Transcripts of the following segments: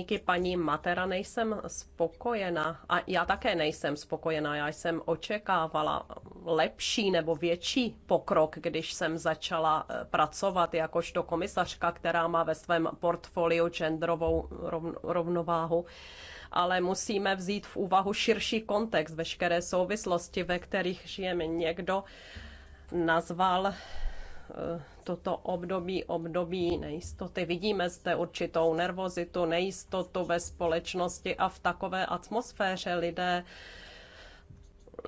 Díky paní Matera nejsem spokojena a já také nejsem spokojena. Já jsem očekávala lepší nebo větší pokrok, když jsem začala eh, pracovat jakožto komisařka, která má ve svém portfoliu genderovou rovnováhu ale musíme vzít v úvahu širší kontext, veškeré souvislosti, ve kterých žijeme. Někdo nazval eh, toto období, období nejistoty. Vidíme zde určitou nervozitu, nejistotu ve společnosti a v takové atmosféře lidé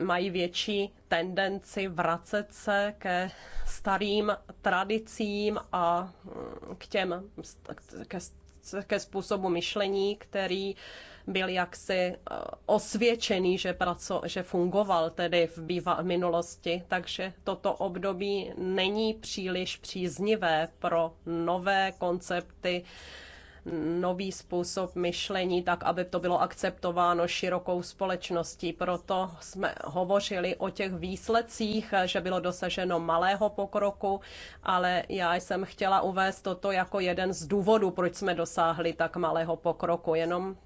mají větší tendenci vracet se ke starým tradicím a k těm, ke, ke způsobu myšlení, který byl jaksi eh, osvědčený, že, praco, že fungoval tedy v býva, minulosti, takže toto období není příliš příznivé pro nové koncepty nový způsob myšlení, tak aby to bylo akceptováno širokou společností. Proto jsme hovořili o těch výsledcích, že bylo dosaženo malého pokroku, ale já jsem chtěla uvést toto jako jeden z důvodů, proč jsme dosáhli tak malého pokroku. Jenom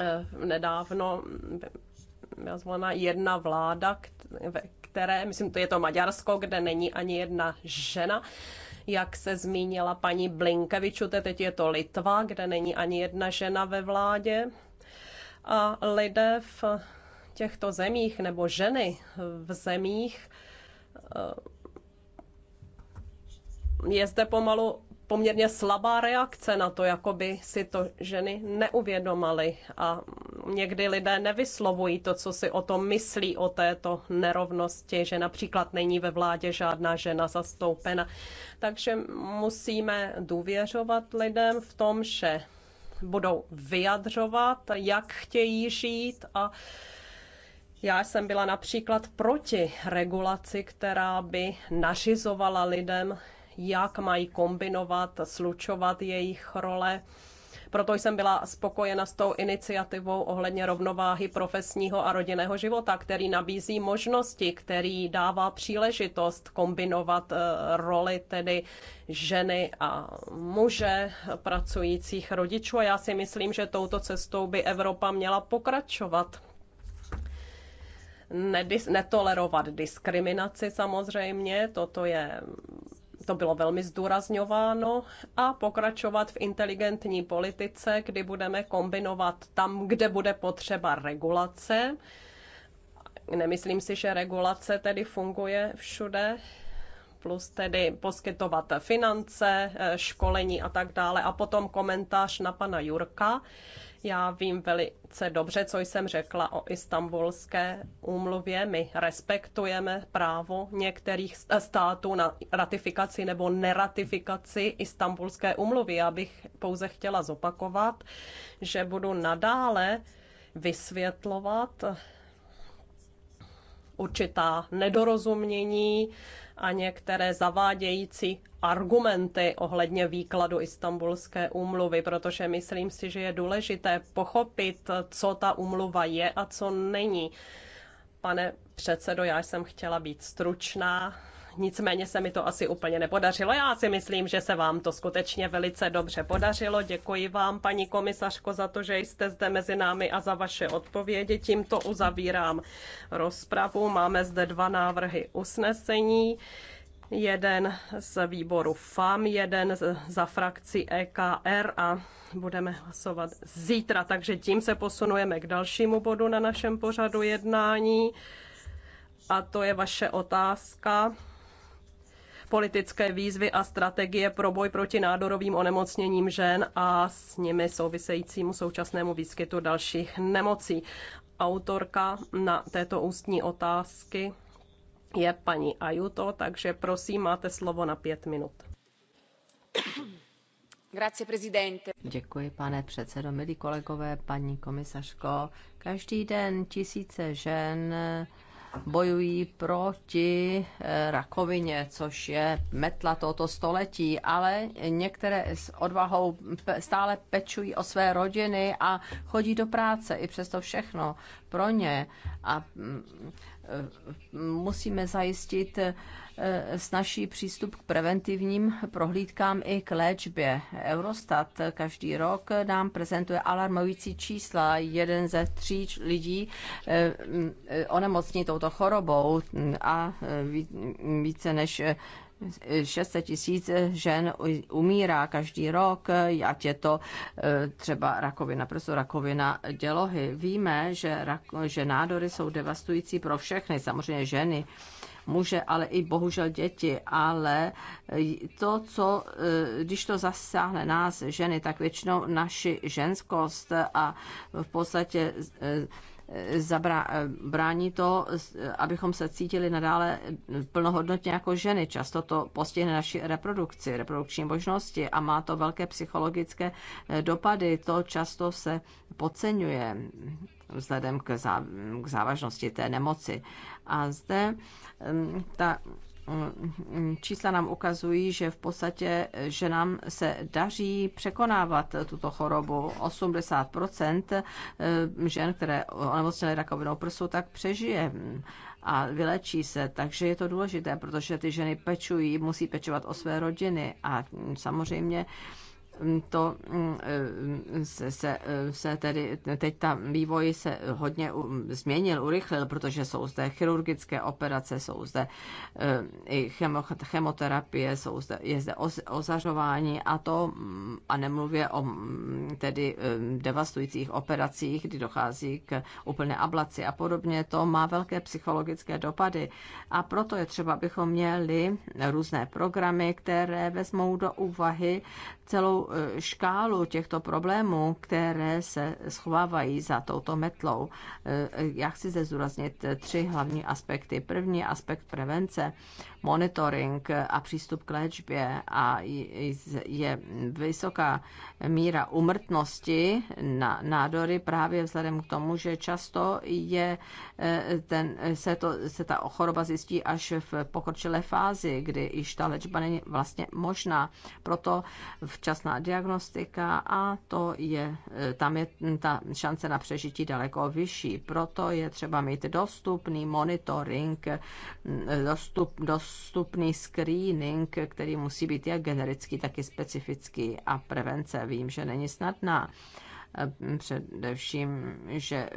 eh, nedávno byla zvolena jedna vláda, které, myslím, to je to Maďarsko, kde není ani jedna žena, jak se zmínila paní Blinkeviču, teď je to Litva, kde není ani jedna žena ve vládě. A lidé v těchto zemích nebo ženy v zemích eh, je zde pomalu poměrně slabá reakce na to, jako by si to ženy neuvědomaly a někdy lidé nevyslovují to, co si o tom myslí, o této nerovnosti, že například není ve vládě žádná žena zastoupena. Takže musíme důvěřovat lidem v tom, že budou vyjadřovat, jak chtějí žít a já jsem byla například proti regulaci, která by nařizovala lidem, jak mají kombinovat, slučovat jejich role. Proto jsem byla spokojena s tou iniciativou ohledně rovnováhy profesního a rodinného života, který nabízí možnosti, který dává příležitost kombinovat eh, roli tedy ženy a muže pracujících rodičů. A já si myslím, že touto cestou by Evropa měla pokračovat nedis, netolerovat diskriminaci samozřejmě, toto je to bylo velmi zdůrazňováno, a pokračovat v inteligentní politice, kdy budeme kombinovat tam, kde bude potřeba regulace. Nemyslím si, že regulace tedy funguje všude, plus tedy poskytovat finance, školení a tak dále. A potom komentář na pana Jurka. Já vím velice dobře, co jsem řekla o istambulské úmluvě. My respektujeme právo některých států na ratifikaci nebo neratifikaci istambulské úmluvy. Já bych pouze chtěla zopakovat, že budu nadále vysvětlovat určitá nedorozumění a některé zavádějící argumenty ohledně výkladu Istanbulské úmluvy, protože myslím si, že je důležité pochopit, co ta úmluva je a co není. Pane předsedo, já jsem chtěla být stručná, Nicméně se mi to asi úplně nepodařilo. Já si myslím, že se vám to skutečně velice dobře podařilo. Děkuji vám, paní komisařko, za to, že jste zde mezi námi a za vaše odpovědi. Tímto uzavírám rozpravu. Máme zde dva návrhy usnesení jeden z výboru FAM, jeden za frakci EKR a budeme hlasovat zítra. Takže tím se posunujeme k dalšímu bodu na našem pořadu jednání a to je vaše otázka politické výzvy a strategie pro boj proti nádorovým onemocněním žen a s nimi souvisejícímu současnému výskytu dalších nemocí. Autorka na této ústní otázky je paní Ajuto, takže prosím, máte slovo na pět minut. Děkuji, pane předsedo, milí kolegové, paní komisařko. Každý den tisíce žen bojují proti eh, rakovině, což je metla tohoto století, ale některé s odvahou stále pečují o své rodiny a chodí do práce i přesto všechno pro ně. A mm, eh, musíme zajistit eh, Eh, snaží přístup k preventivním prohlídkám i k léčbě. Eurostat každý rok nám prezentuje alarmující čísla. Jeden ze tří lidí eh, onemocní touto chorobou a eh, více než 600 tisíc žen umírá každý rok, ať je to třeba rakovina prostě rakovina dělohy. Víme, že, že nádory jsou devastující pro všechny, samozřejmě ženy muže, ale i bohužel děti, ale eh, to, co, eh, když to zasáhne nás, ženy, tak většinou naši ženskost a v podstatě eh, zabra, brání to, abychom se cítili nadále plnohodnotně jako ženy. Často to postihne naši reprodukci, reprodukční možnosti a má to velké psychologické dopady. To často se podceňuje vzhledem k, zá, k závažnosti té nemoci. A zde mm, ta mm, čísla nám ukazují, že v podstatě, že nám se daří překonávat tuto chorobu. 80% eh, žen, které onemocněly rakovinou prsu, tak přežije a vylečí se. Takže je to důležité, protože ty ženy pečují, musí pečovat o své rodiny a samozřejmě to mm, mm, se, se, se tedy, teď tam vývoj se hodně změnil, urychlil, protože jsou zde chirurgické operace, jsou zde eh, i chemoterapie, jsou zde, je zde ozařování a to, mm, a nemluvě o tedy eh, devastujících operacích, kdy dochází k úplné ablaci a podobně, to má velké psychologické dopady a proto je třeba, abychom měli různé programy, které vezmou do úvahy celou eh, škálu těchto problémů, které se schovávají za touto metlou. Eh, já chci zde zdůraznit eh, tři hlavní aspekty. První aspekt prevence monitoring a přístup k léčbě a je vysoká míra umrtnosti na nádory právě vzhledem k tomu, že často je eh, ten, se, to, se ta choroba zjistí až v pokročilé fázi, kdy již ta léčba není vlastně možná. Proto včasná diagnostika a to je, eh, tam je ta šance na přežití daleko vyšší. Proto je třeba mít dostupný monitoring, eh, dostup, dostup postupný screening, který musí být jak generický, tak i specifický. A prevence vím, že není snadná především, že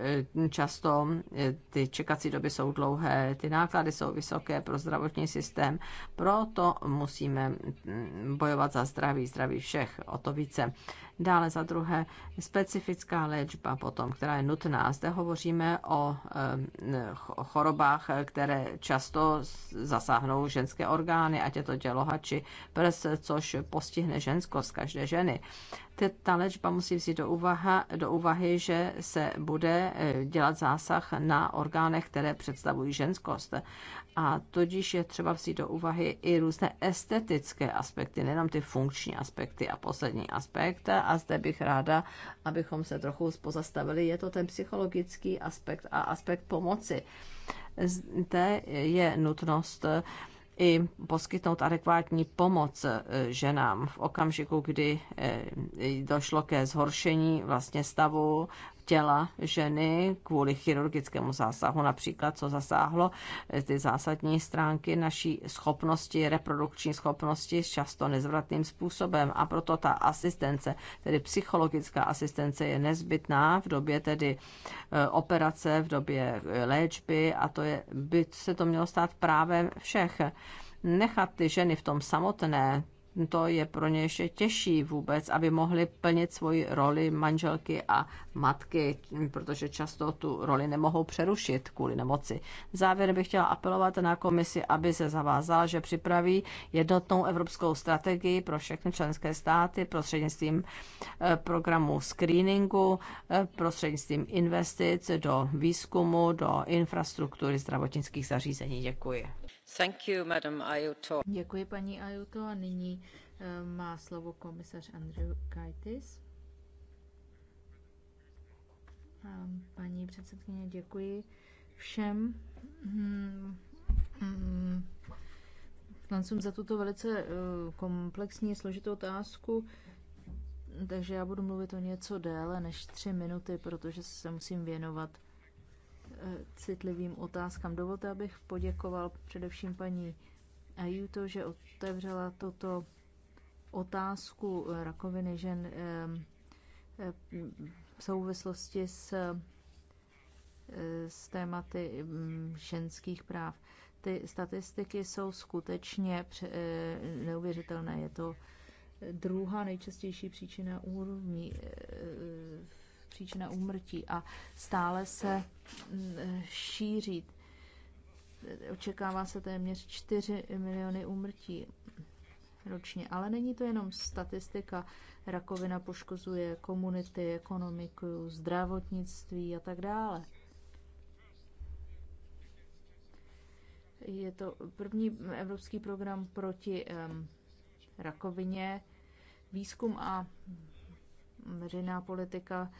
eh, často eh, ty čekací doby jsou dlouhé, ty náklady jsou vysoké pro zdravotní systém, proto musíme mm, bojovat za zdraví, zdraví všech o to více. Dále za druhé specifická léčba potom, která je nutná. Zde hovoříme o chorobách, které často zasáhnou ženské orgány, ať je to děloha či prs, což postihne ženskost každé ženy. Ta léčba musí vzít do, úvaha, do úvahy, že se bude eh, dělat zásah na orgánech, které představují ženskost a tudíž je třeba vzít do úvahy i různé estetické aspekty, nejenom ty funkční aspekty a poslední aspekt. A zde bych ráda, abychom se trochu pozastavili, je to ten psychologický aspekt a aspekt pomoci. Zde je nutnost eh, i poskytnout adekvátní pomoc eh, ženám v okamžiku, kdy eh, došlo ke zhoršení vlastně stavu těla ženy kvůli chirurgickému zásahu, například, co zasáhlo eh, ty zásadní stránky naší schopnosti, reprodukční schopnosti s často nezvratným způsobem. A proto ta asistence, tedy psychologická asistence, je nezbytná v době tedy eh, operace, v době eh, léčby a to je, by se to mělo stát právem všech nechat ty ženy v tom samotné, to je pro ně ještě těžší vůbec, aby mohli plnit svoji roli manželky a matky, protože často tu roli nemohou přerušit kvůli nemoci. Závěrem bych chtěla apelovat na komisi, aby se zavázala, že připraví jednotnou evropskou strategii pro všechny členské státy prostřednictvím eh, programu screeningu, eh, prostřednictvím investic do výzkumu, do infrastruktury zdravotnických zařízení. Děkuji. Thank you, madam Ayuto. Děkuji, paní Ayuto. A nyní Eh, má slovo komisař Andrew Kaitis. Ehm, paní předsedkyně, děkuji všem hm, hm, poslancům za tuto velice eh, komplexní, složitou otázku. Takže já budu mluvit o něco déle než tři minuty, protože se musím věnovat eh, citlivým otázkám. Dovolte, abych poděkoval především paní Ajuto, že otevřela toto otázku eh, rakoviny žen eh, eh, v souvislosti s, s tématy mm, ženských práv. Ty statistiky jsou skutečně neuvěřitelné. Je to druhá nejčastější příčina úrovní, příčina úmrtí a stále se mm, šíří. Očekává se téměř 4 miliony úmrtí ročně. Ale není to jenom statistika. Rakovina poškozuje komunity, ekonomiku, zdravotnictví a tak dále. Je to první evropský program proti um, rakovině. Výzkum a veřejná politika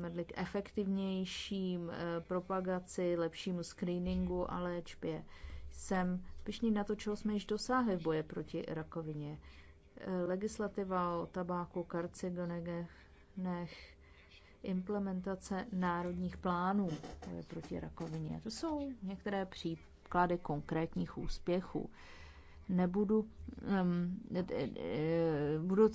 vedly k efektivnějším eh, propagaci, lepšímu screeningu a léčbě. Jsem pišní na to, čeho jsme již dosáhli v boje proti rakovině. Legislativa o tabáku, karcinogenech, implementace národních plánů boje proti rakovině. To jsou některé příklady konkrétních úspěchů. Nebudu um, budu e,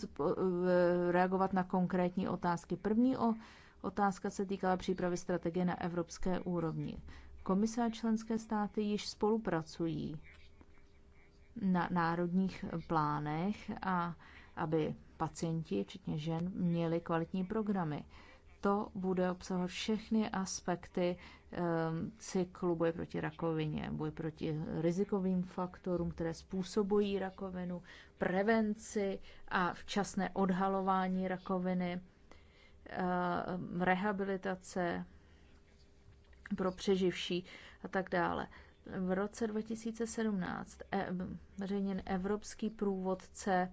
reagovat na konkrétní otázky. První o, otázka se týkala přípravy strategie na evropské úrovni. Komise a členské státy již spolupracují na národních plánech a aby pacienti, včetně žen, měli kvalitní programy. To bude obsahovat všechny aspekty ehm, cyklu boje proti rakovině, boj proti rizikovým faktorům, které způsobují rakovinu, prevenci a včasné odhalování rakoviny, ehm, rehabilitace pro přeživší a tak dále v roce 2017 e, veřejněn Evropský průvodce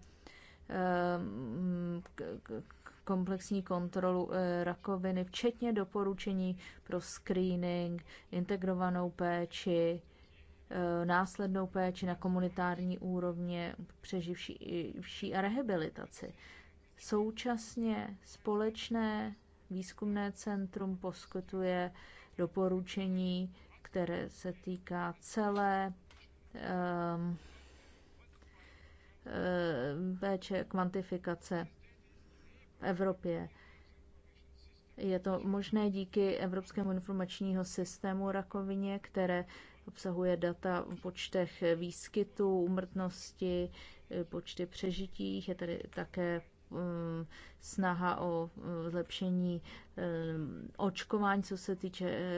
e, komplexní kontrolu e, rakoviny, včetně doporučení pro screening, integrovanou péči, následnou péči na komunitární úrovni, přeživší a rehabilitaci. Současně společné výzkumné centrum poskytuje doporučení které se týká celé um, um, kvantifikace v Evropě. Je to možné díky Evropskému informačního systému rakovině, které obsahuje data o počtech výskytů, úmrtnosti, počty přežitích. Je tady také Eh, snaha o eh, zlepšení eh, očkování, co se týče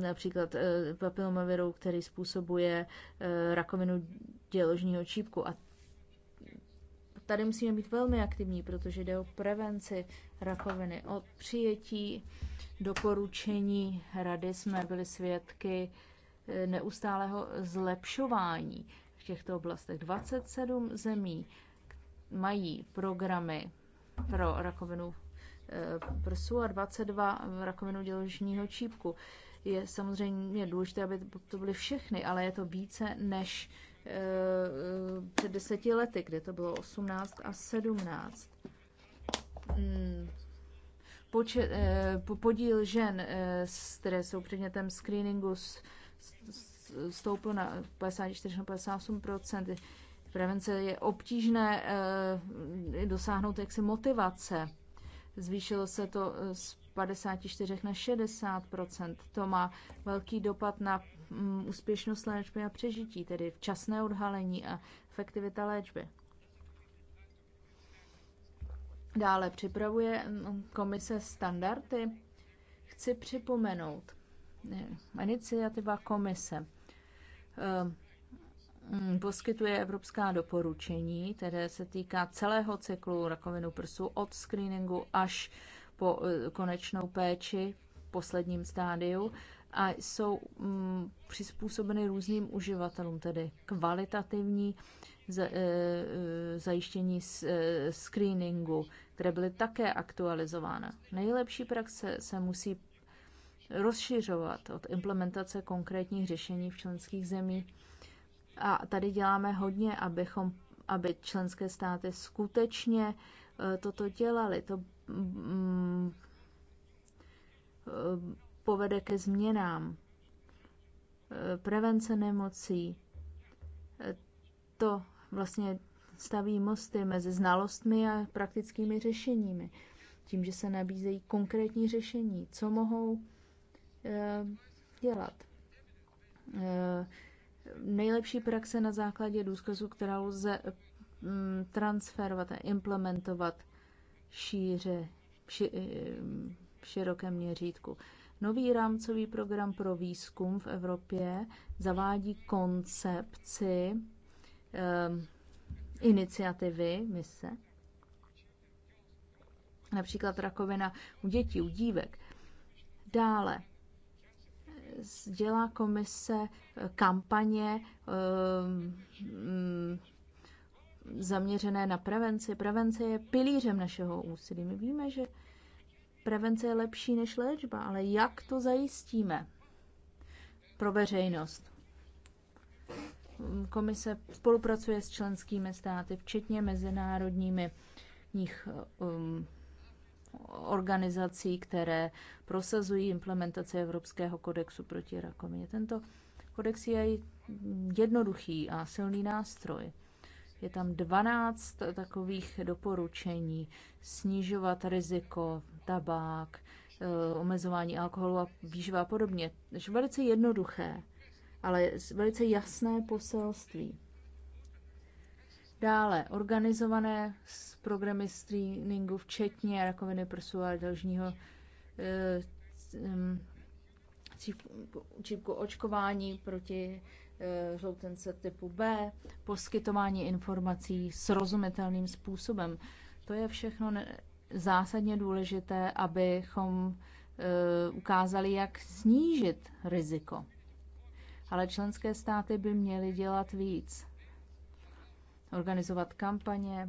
například papilomaviru, který způsobuje rakovinu děložního čípku. A tady musíme být velmi aktivní, protože jde o prevenci rakoviny. Od přijetí doporučení rady jsme byli svědky neustálého zlepšování v těchto oblastech. 27 zemí mají programy pro rakovinu prsu a 22 rakovinu děložního čípku. Je samozřejmě důležité, aby to byly všechny, ale je to více než eh, před deseti lety, kde to bylo 18 a 17. Hmm. Počet, eh, podíl žen, eh, které jsou předmětem screeningu, stoupl na 54 58 prevence je obtížné eh, dosáhnout jaksi motivace. Zvýšilo se to eh, z 54 na 60 To má velký dopad na mm, úspěšnost léčby a přežití, tedy včasné odhalení a efektivita léčby. Dále připravuje mm, komise standardy. Chci připomenout, eh, iniciativa komise Mm, poskytuje evropská doporučení, které se týká celého cyklu rakovinu prsu od screeningu až po eh, konečnou péči v posledním stádiu a jsou mm, přizpůsobeny různým uživatelům, tedy kvalitativní eh, eh, zajištění screeningu, které byly také aktualizována. Nejlepší praxe se musí rozšiřovat od implementace konkrétních řešení v členských zemích a tady děláme hodně, abychom, aby členské státy skutečně e, toto dělali. To mm, e, povede ke změnám. E, prevence nemocí, to vlastně staví mosty mezi znalostmi a praktickými řešeními. Tím, že se nabízejí konkrétní řešení, co mohou dělat nejlepší praxe na základě důkazu, která lze mm, transferovat a implementovat šíře, ši, v mm, širokém měřítku. Nový rámcový program pro výzkum v Evropě zavádí koncepci um, iniciativy mise, například rakovina u dětí, u dívek. Dále dělá komise eh, kampaně eh, mm, zaměřené na prevenci. Prevence je pilířem našeho úsilí. My víme, že prevence je lepší než léčba, ale jak to zajistíme pro veřejnost? Komise spolupracuje s členskými státy, včetně mezinárodními nich, eh, um, organizací, které prosazují implementaci Evropského kodexu proti rakovině. Tento kodex je jednoduchý a silný nástroj. Je tam 12 takových doporučení. Snižovat riziko, tabák, eh, omezování alkoholu a výživa a podobně. Takže velice jednoduché, ale velice jasné poselství. Dále organizované s programy streamingu, včetně rakoviny prsu a dalšího čípku eh, mm, očkování proti eh, žloutence typu B, poskytování informací srozumitelným způsobem. To je všechno zásadně důležité, abychom eh, ukázali, jak snížit riziko. Ale členské státy by měly dělat víc organizovat kampaně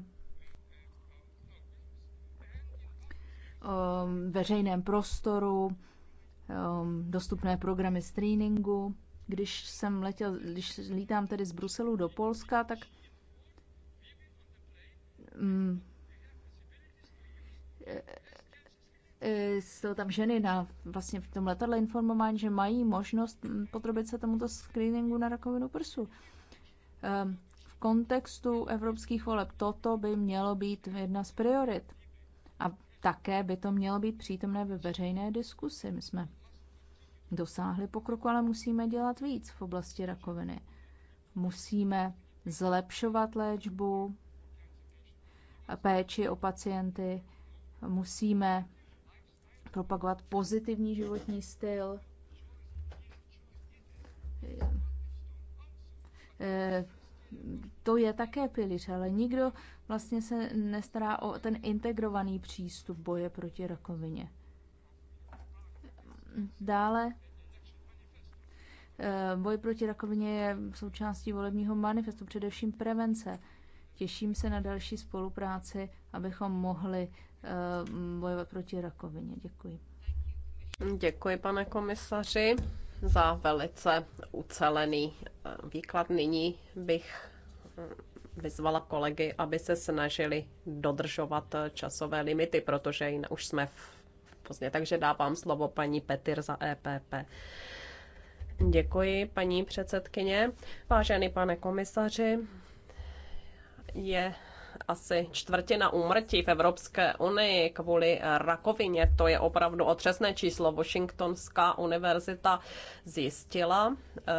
o veřejném prostoru, dostupné programy streamingu. Když jsem letěl, když lítám tedy z Bruselu do Polska, tak mm, e, e, jsou tam ženy na, vlastně v tom letadle informování, že mají možnost mm, podrobit se tomuto screeningu na rakovinu prsu. Ehm, kontextu evropských voleb toto by mělo být jedna z priorit. A také by to mělo být přítomné ve veřejné diskusi. My jsme dosáhli pokroku, ale musíme dělat víc v oblasti rakoviny. Musíme zlepšovat léčbu, péči o pacienty, musíme propagovat pozitivní životní styl, to je také pilíř, ale nikdo vlastně se nestará o ten integrovaný přístup boje proti rakovině. Dále eh, boj proti rakovině je součástí volebního manifestu, především prevence. Těším se na další spolupráci, abychom mohli eh, bojovat proti rakovině. Děkuji. Děkuji, pane komisaři za velice ucelený eh, výklad. Nyní bych eh, vyzvala kolegy, aby se snažili dodržovat eh, časové limity, protože jinak už jsme v pozdě. Takže dávám slovo paní Petir za EPP. Děkuji, paní předsedkyně. Vážený pane komisaři, je asi čtvrtina úmrtí v Evropské unii kvůli rakovině. To je opravdu otřesné číslo. Washingtonská univerzita zjistila, eh,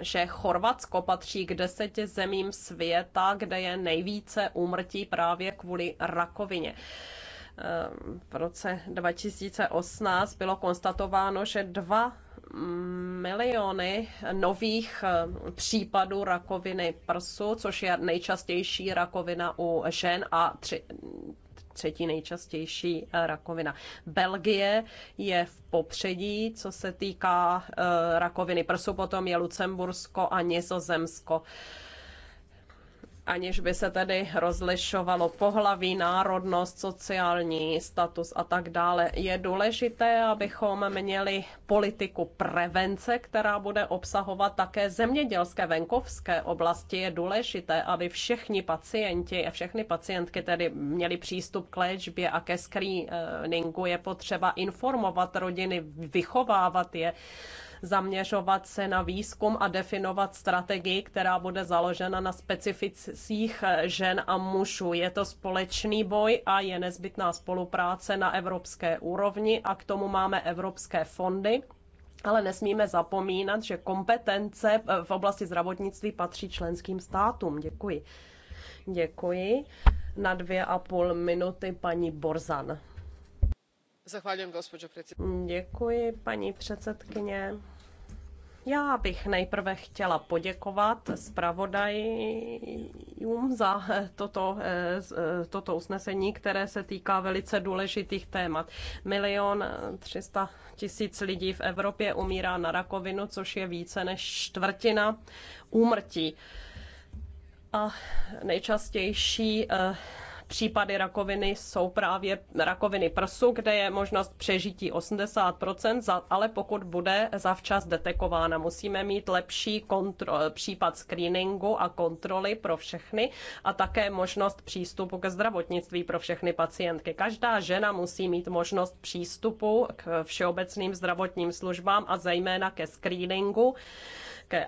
že Chorvatsko patří k deseti zemím světa, kde je nejvíce úmrtí právě kvůli rakovině eh, v roce 2018 bylo konstatováno, že dva miliony nových eh, případů rakoviny prsu, což je nejčastější rakovina u žen a tři, třetí nejčastější eh, rakovina. Belgie je v popředí, co se týká eh, rakoviny prsu, potom je Lucembursko a Nizozemsko aniž by se tedy rozlišovalo pohlaví, národnost, sociální status a tak dále. Je důležité, abychom měli politiku prevence, která bude obsahovat také zemědělské venkovské oblasti. Je důležité, aby všichni pacienti a všechny pacientky tedy měli přístup k léčbě a ke screeningu. Je potřeba informovat rodiny, vychovávat je zaměřovat se na výzkum a definovat strategii, která bude založena na specificích žen a mužů. Je to společný boj a je nezbytná spolupráce na evropské úrovni a k tomu máme evropské fondy. Ale nesmíme zapomínat, že kompetence v oblasti zdravotnictví patří členským státům. Děkuji. Děkuji. Na dvě a půl minuty paní Borzan. Děkuji, paní předsedkyně. Já bych nejprve chtěla poděkovat zpravodajům za eh, toto, eh, eh, toto usnesení, které se týká velice důležitých témat. Milion 300 tisíc lidí v Evropě umírá na rakovinu, což je více než čtvrtina úmrtí. A nejčastější případy rakoviny jsou právě rakoviny prsu, kde je možnost přežití 80%, ale pokud bude zavčas detekována, musíme mít lepší kontrol, případ screeningu a kontroly pro všechny a také možnost přístupu ke zdravotnictví pro všechny pacientky. Každá žena musí mít možnost přístupu k všeobecným zdravotním službám a zejména ke screeningu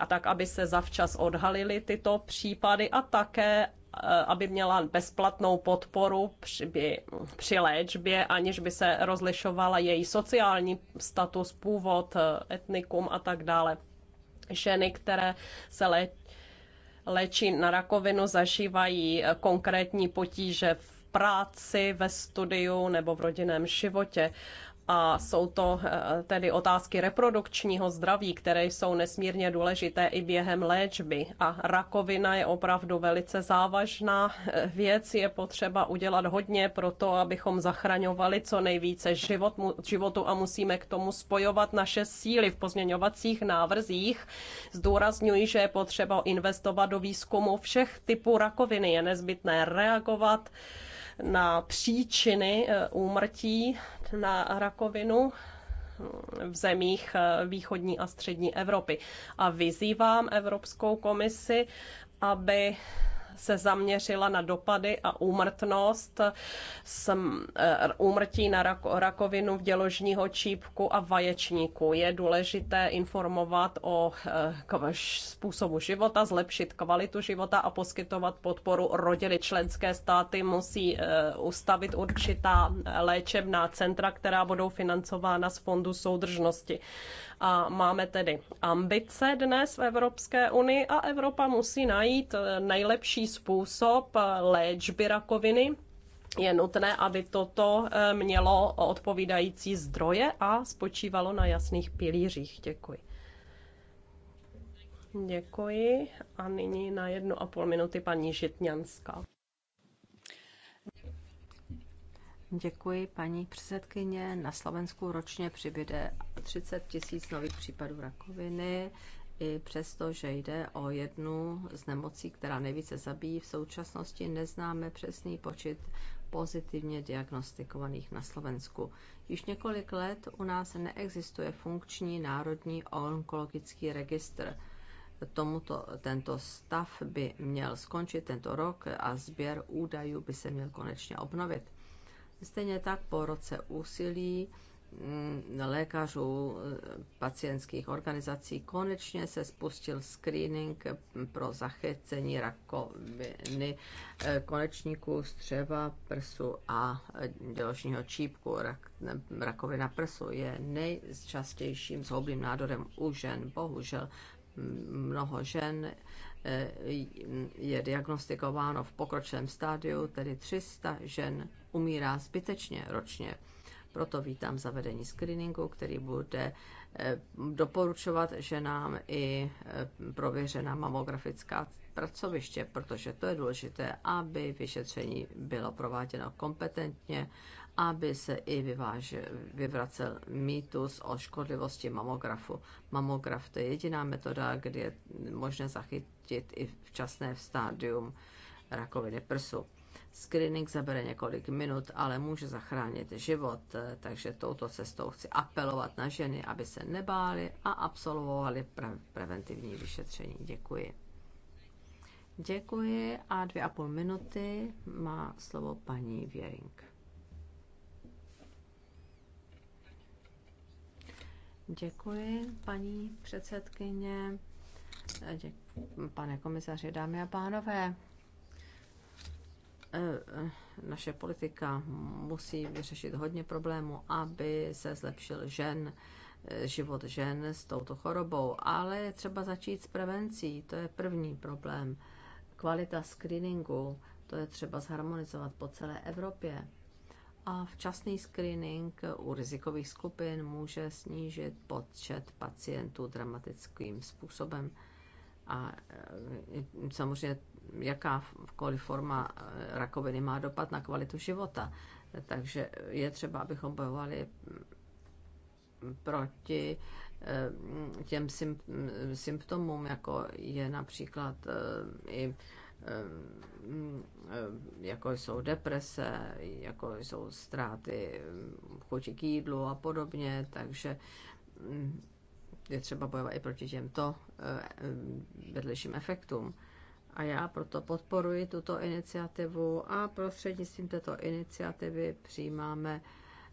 a tak, aby se zavčas odhalily tyto případy a také, Eh, aby měla bezplatnou podporu při, při léčbě, aniž by se rozlišovala její sociální status, původ, eh, etnikum a tak dále. Ženy, které se léčí, léčí na rakovinu, zažívají eh, konkrétní potíže v práci, ve studiu nebo v rodinném životě a jsou to eh, tedy otázky reprodukčního zdraví, které jsou nesmírně důležité i během léčby. A rakovina je opravdu velice závažná eh, věc, je potřeba udělat hodně pro to, abychom zachraňovali co nejvíce život, životu a musíme k tomu spojovat naše síly v pozměňovacích návrzích. Zdůrazňuji, že je potřeba investovat do výzkumu všech typů rakoviny. Je nezbytné reagovat na příčiny eh, úmrtí na rakovinu v zemích eh, východní a střední Evropy. A vyzývám Evropskou komisi, aby se zaměřila na dopady a úmrtnost eh, úmrtí na rakovinu v děložního čípku a vaječníku. Je důležité informovat o eh, způsobu života, zlepšit kvalitu života a poskytovat podporu rodiny. Členské státy musí eh, ustavit určitá léčebná centra, která budou financována z Fondu soudržnosti. A máme tedy ambice dnes v Evropské unii a Evropa musí najít nejlepší způsob léčby rakoviny, je nutné, aby toto eh, mělo odpovídající zdroje a spočívalo na jasných pilířích. Děkuji. Děkuji. A nyní na jednu a půl minuty paní Žitňanská. Děkuji, paní předsedkyně. Na Slovensku ročně přibude 30 tisíc nových případů rakoviny i přesto, že jde o jednu z nemocí, která nejvíce zabíjí, v současnosti neznáme přesný počet pozitivně diagnostikovaných na Slovensku. Již několik let u nás neexistuje funkční národní onkologický registr. Tomuto, tento stav by měl skončit tento rok a sběr údajů by se měl konečně obnovit. Stejně tak po roce úsilí Mm, lékařů, eh, pacientských organizací. Konečně se spustil screening pro zachycení rakoviny eh, konečníků střeva, prsu a eh, děložního čípku. Rak, rakovina prsu je nejčastějším zhoubným nádorem u žen. Bohužel mm, mnoho žen je diagnostikováno v pokročilém stádiu, tedy 300 žen umírá zbytečně ročně proto vítám zavedení screeningu, který bude eh, doporučovat ženám i eh, prověřená mamografická pracoviště, protože to je důležité, aby vyšetření bylo prováděno kompetentně, aby se i vyváže, vyvracel mýtus o škodlivosti mamografu. Mamograf to je jediná metoda, kdy je možné zachytit i včasné v stádium rakoviny prsu. Screening zabere několik minut, ale může zachránit život, eh, takže touto cestou chci apelovat na ženy, aby se nebály a absolvovali preventivní vyšetření. Děkuji. Děkuji a dvě a půl minuty má slovo paní Věring. Děkuji, paní předsedkyně, děkuji, pane komisaři, dámy a pánové. Eh, eh, naše politika musí vyřešit hodně problémů, aby se zlepšil žen, eh, život žen s touto chorobou. Ale je třeba začít s prevencí, to je první problém. Kvalita screeningu, to je třeba zharmonizovat po celé Evropě. A včasný screening u rizikových skupin může snížit počet pacientů dramatickým způsobem. A samozřejmě jakákoliv forma eh, rakoviny má dopad na kvalitu života. Takže je třeba, abychom bojovali mm, proti eh, těm mm, symptomům, jako je například eh, i mm, jako jsou deprese, jako jsou ztráty chuti k jídlu a podobně, takže je třeba bojovat i proti těmto vedlejším efektům. A já proto podporuji tuto iniciativu a prostřednictvím této iniciativy přijímáme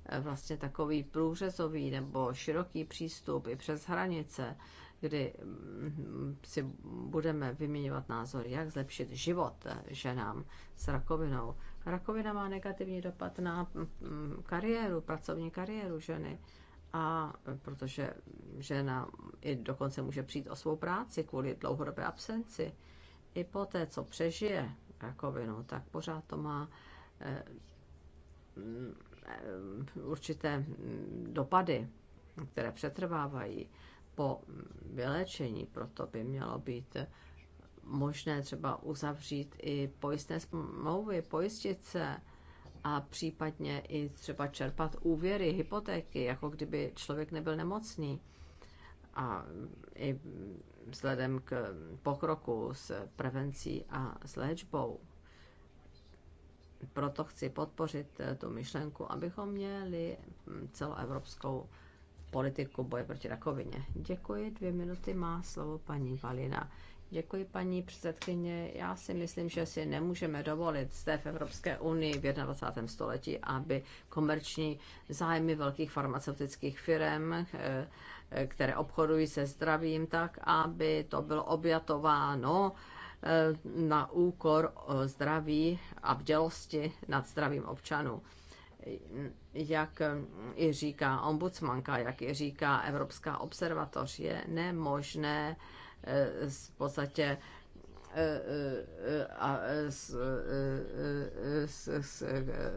eh, vlastně takový průřezový nebo široký přístup i přes hranice, kdy mm, si budeme vyměňovat názor, jak zlepšit život ženám s rakovinou. Rakovina má negativní dopad na mm, kariéru, pracovní kariéru ženy. A protože žena i dokonce může přijít o svou práci kvůli dlouhodobé absenci i po té, co přežije rakovinu, tak pořád to má eh, eh, určité mm, dopady, které přetrvávají po mm, vyléčení. Proto by mělo být možné třeba uzavřít i pojistné smlouvy, pojistit se a případně i třeba čerpat úvěry, hypotéky, jako kdyby člověk nebyl nemocný. A mm, i vzhledem k pokroku s prevencí a s léčbou. Proto chci podpořit eh, tu myšlenku, abychom měli hm, celoevropskou politiku boje proti rakovině. Děkuji, dvě minuty má slovo paní Valina. Děkuji, paní předsedkyně. Já si myslím, že si nemůžeme dovolit zde v Evropské unii v 21. století, aby komerční zájmy velkých farmaceutických firm, eh, které obchodují se zdravím, tak aby to bylo objatováno eh, na úkor eh, zdraví a bdělosti nad zdravím občanů jak i říká ombudsmanka, jak i říká Evropská observatoř, je nemožné Eh, v podstatě eh, eh, a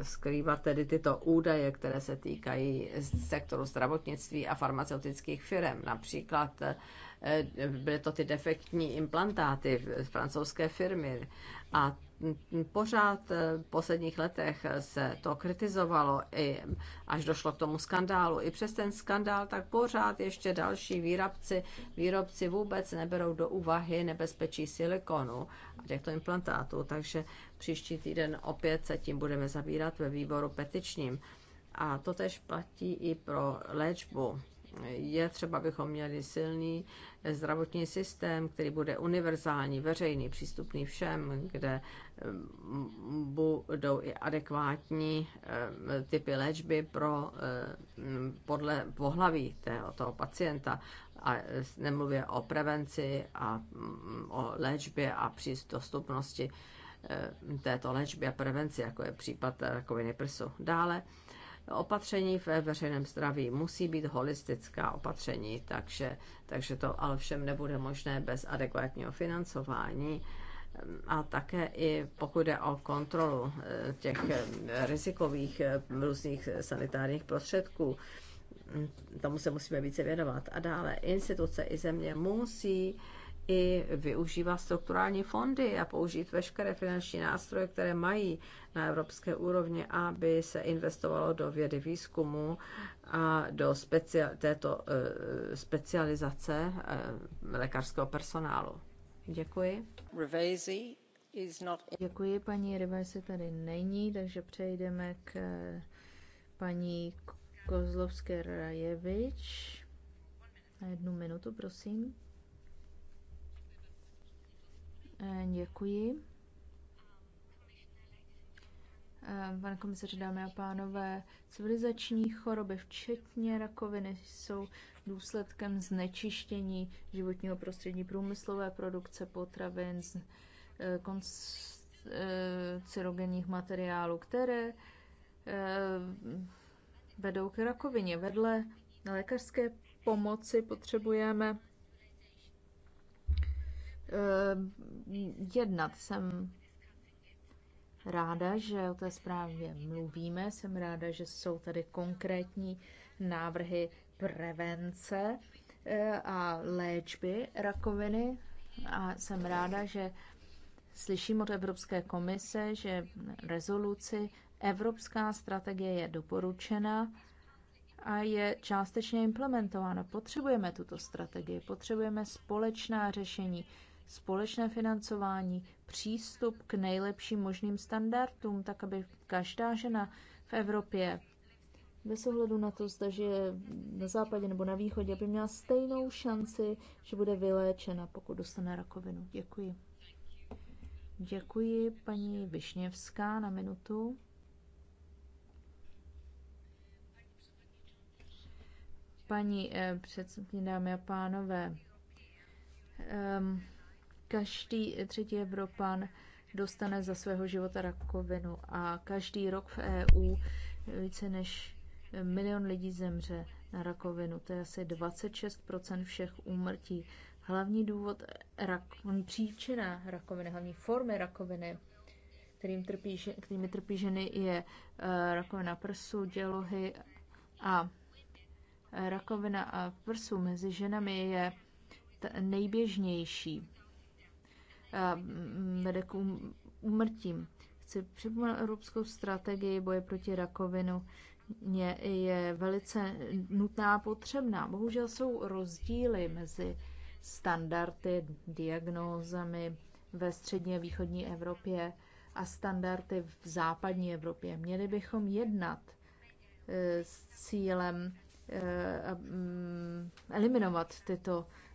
skrývat tedy tyto údaje, které se týkají sektoru zdravotnictví a farmaceutických firm. Například Eh, byly to ty defektní implantáty francouzské firmy. A pořád eh, v posledních letech se to kritizovalo, i až došlo k tomu skandálu. I přes ten skandál, tak pořád ještě další výrobci, výrobci vůbec neberou do úvahy nebezpečí silikonu a těchto implantátů. Takže příští týden opět se tím budeme zabírat ve výboru petičním. A to tež platí i pro léčbu je třeba, abychom měli silný zdravotní systém, který bude univerzální, veřejný, přístupný všem, kde mm, budou i adekvátní eh, typy léčby pro eh, podle pohlaví toho pacienta. A nemluvě o prevenci a mm, o léčbě a přístupnosti eh, této léčby a prevenci, jako je případ rakoviny prsu. Dále opatření ve veřejném zdraví. Musí být holistická opatření, takže, takže to ale všem nebude možné bez adekvátního financování. A také i pokud jde o kontrolu eh, těch eh, rizikových eh, různých sanitárních prostředků, mm, tomu se musíme více věnovat. A dále instituce i země musí i využívat strukturální fondy a použít veškeré finanční nástroje, které mají na evropské úrovni, aby se investovalo do vědy výzkumu a do specia- této eh, specializace eh, lékařského personálu. Děkuji. Revezi Děkuji, paní Revezi tady není, takže přejdeme k eh, paní Kozlovské Rajevič. Na jednu minutu, prosím. Eh, děkuji. Eh, pane komisaři, dámy a pánové, civilizační choroby, včetně rakoviny, jsou důsledkem znečištění životního prostředí, průmyslové produkce potravin, eh, cirogenních materiálů, které vedou k rakovině. Vedle lékařské pomoci potřebujeme Eh, jednat. Jsem ráda, že o té zprávě mluvíme. Jsem ráda, že jsou tady konkrétní návrhy prevence eh, a léčby rakoviny. A jsem ráda, že slyším od Evropské komise, že rezoluci Evropská strategie je doporučena a je částečně implementována. Potřebujeme tuto strategii, potřebujeme společná řešení, společné financování, přístup k nejlepším možným standardům, tak aby každá žena v Evropě bez ohledu na to, zda je na západě nebo na východě, aby měla stejnou šanci, že bude vyléčena, pokud dostane rakovinu. Děkuji. Děkuji paní Višněvská na minutu. Paní eh, předsedkyně, dámy a pánové, eh, Každý třetí Evropan dostane za svého života rakovinu a každý rok v EU více než milion lidí zemře na rakovinu. To je asi 26 všech úmrtí. Hlavní důvod, rak, příčina rakoviny, hlavní formy rakoviny, kterým trpí, kterými trpí ženy, je eh, rakovina prsu, dělohy a eh, rakovina a prsu mezi ženami je nejběžnější vede k úmrtím. Chci připomenout evropskou strategii boje proti rakovinu. Je, je velice nutná a potřebná. Bohužel jsou rozdíly mezi standardy, diagnózami ve střední a východní Evropě a standardy v západní Evropě. Měli bychom jednat e, s cílem e, eliminovat tyto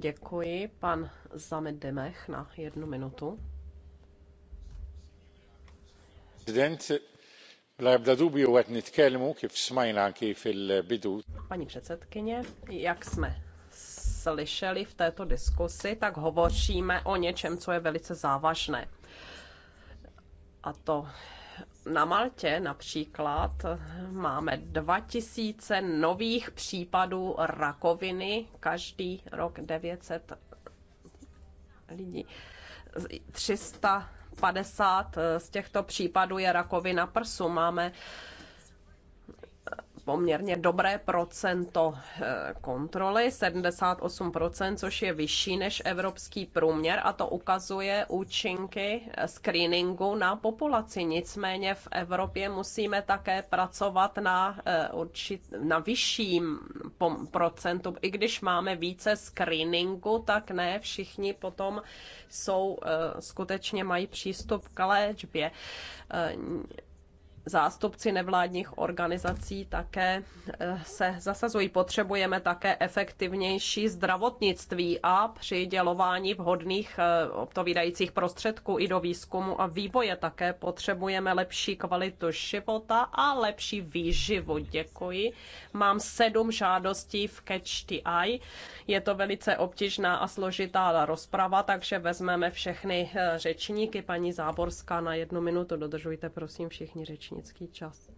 Děkuji, pan Zamedemech na jednu minutu. Paní předsedkyně, jak jsme slyšeli v této diskusi, tak hovoříme o něčem, co je velice závažné. A to na Maltě například máme 2000 nových případů rakoviny, každý rok 900 lidí. 350 z těchto případů je rakovina prsu. Máme poměrně dobré procento eh, kontroly, 78%, což je vyšší než evropský průměr a to ukazuje účinky screeningu na populaci. Nicméně v Evropě musíme také pracovat na, eh, určit, na vyšším procentu. I když máme více screeningu, tak ne všichni potom jsou, eh, skutečně mají přístup k léčbě zástupci nevládních organizací také eh, se zasazují. Potřebujeme také efektivnější zdravotnictví a přidělování vhodných eh, odpovídajících prostředků i do výzkumu a vývoje. Také potřebujeme lepší kvalitu života a lepší výživu. Děkuji. Mám sedm žádostí v Catch the Eye. Je to velice obtížná a složitá rozprava, takže vezmeme všechny eh, řečníky. Paní Záborská na jednu minutu. Dodržujte prosím všichni řečníky vesnický čas.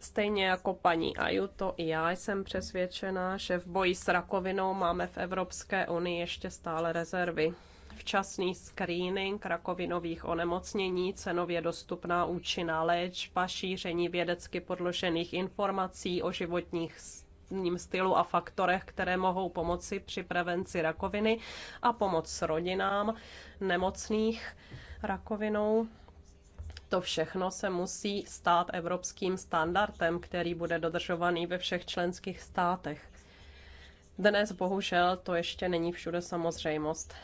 Stejně jako paní Ajuto, i já jsem přesvědčená, že v boji s rakovinou máme v Evropské unii ještě stále rezervy. Včasný screening rakovinových onemocnění, cenově dostupná účinná léčba, šíření vědecky podložených informací o životních životním stylu a faktorech, které mohou pomoci při prevenci rakoviny a pomoc rodinám nemocných rakovinou. To všechno se musí stát evropským standardem, který bude dodržovaný ve všech členských státech. Dnes bohužel to ještě není všude samozřejmost.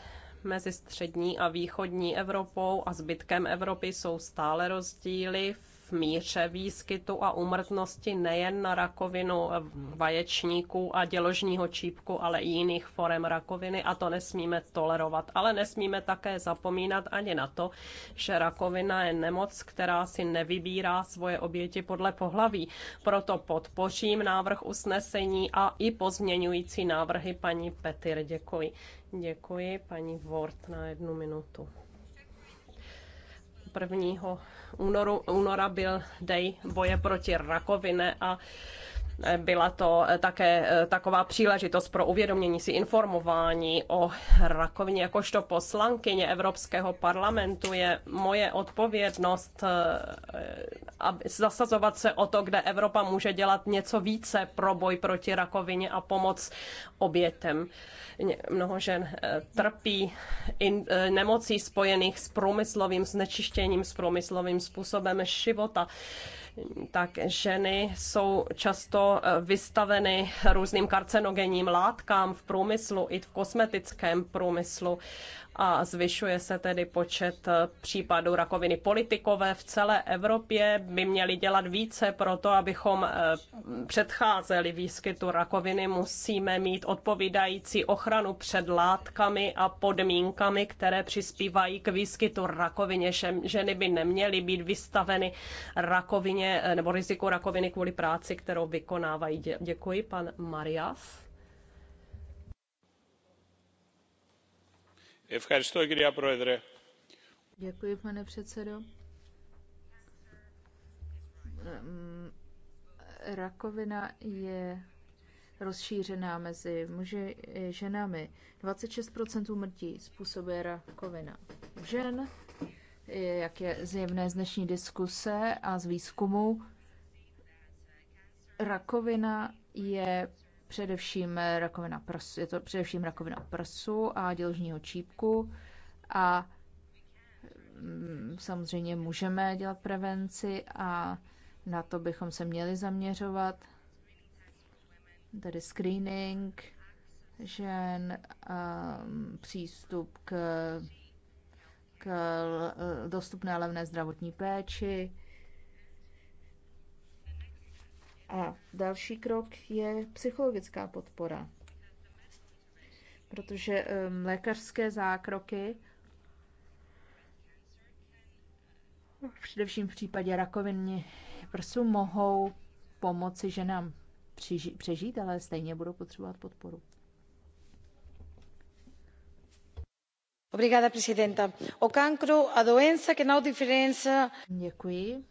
Mezi střední a východní Evropou a zbytkem Evropy jsou stále rozdíly v v míře výskytu a umrtnosti nejen na rakovinu vaječníků a děložního čípku, ale i jiných forem rakoviny a to nesmíme tolerovat. Ale nesmíme také zapomínat ani na to, že rakovina je nemoc, která si nevybírá svoje oběti podle pohlaví. Proto podpořím návrh usnesení a i pozměňující návrhy paní Petyr. Děkuji. Děkuji paní Vort na jednu minutu. 1 únoru, února byl dej boje proti rakovině a byla to také eh, taková příležitost pro uvědomění si informování o rakovině. Jakožto poslankyně Evropského parlamentu je moje odpovědnost eh, zasazovat se o to, kde Evropa může dělat něco více pro boj proti rakovině a pomoc obětem. Mnoho žen eh, trpí nemocí spojených s průmyslovým znečištěním, s průmyslovým způsobem života tak ženy jsou často eh, vystaveny různým karcenogenním látkám v průmyslu i v kosmetickém průmyslu a zvyšuje se tedy počet eh, případů rakoviny. Politikové v celé Evropě by měli dělat více pro to, abychom eh, předcházeli výskytu rakoviny. Musíme mít odpovídající ochranu před látkami a podmínkami, které přispívají k výskytu rakovině. Ženy by neměly být vystaveny rakovině eh, nebo riziku rakoviny kvůli práci, kterou vykonávají. Děkuji, pan Marias. Děkuji, pane předsedo. Ehm, rakovina je rozšířená mezi muži i ženami. 26 umrtí způsobuje rakovina žen, jak je zjevné z dnešní diskuse a z výzkumu. Rakovina je Především rakovina prsu, je to především rakovina prsu a děložního čípku a mm, samozřejmě můžeme dělat prevenci a na to bychom se měli zaměřovat, tedy screening žen, ehm, přístup k, k dostupné levné zdravotní péči, a další krok je psychologická podpora, protože um, lékařské zákroky, především v případě rakoviny prsu, mohou pomoci ženám přiži- přežít, ale stejně budou potřebovat podporu. Obrigada, presidenta. O cancro, a doença que não diferença. Děkuji,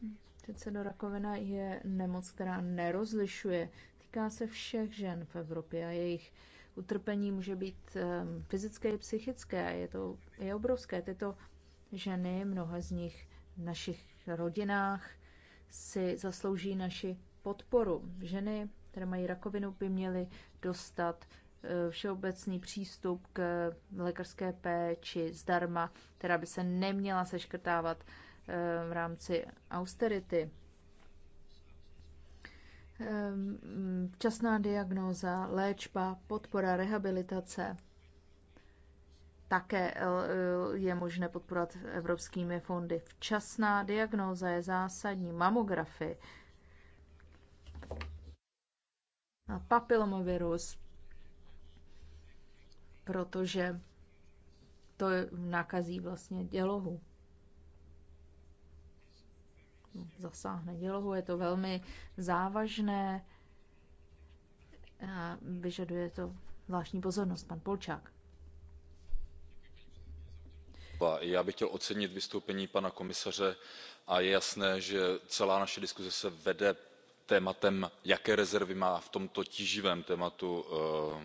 do rakovina je nemoc, která nerozlišuje. Týká se všech žen v Evropě a jejich utrpení může být ehm, fyzické i psychické. Je to je obrovské. Tyto ženy, mnoha z nich v našich rodinách, si zaslouží naši podporu. Ženy, které mají rakovinu, by měly dostat eh, všeobecný přístup k lékařské péči zdarma, která by se neměla seškrtávat v rámci austerity. Ehm, včasná diagnóza, léčba, podpora, rehabilitace. Také eh, je možné podporovat evropskými fondy. Včasná diagnóza je zásadní. Mamografy, papilomavirus, protože to nakazí vlastně dělohu zasáhne dělohu. Je to velmi závažné a vyžaduje to zvláštní pozornost. Pan Polčák. Já bych chtěl ocenit vystoupení pana komisaře a je jasné, že celá naše diskuze se vede tématem, jaké rezervy má v tomto tíživém tématu eh,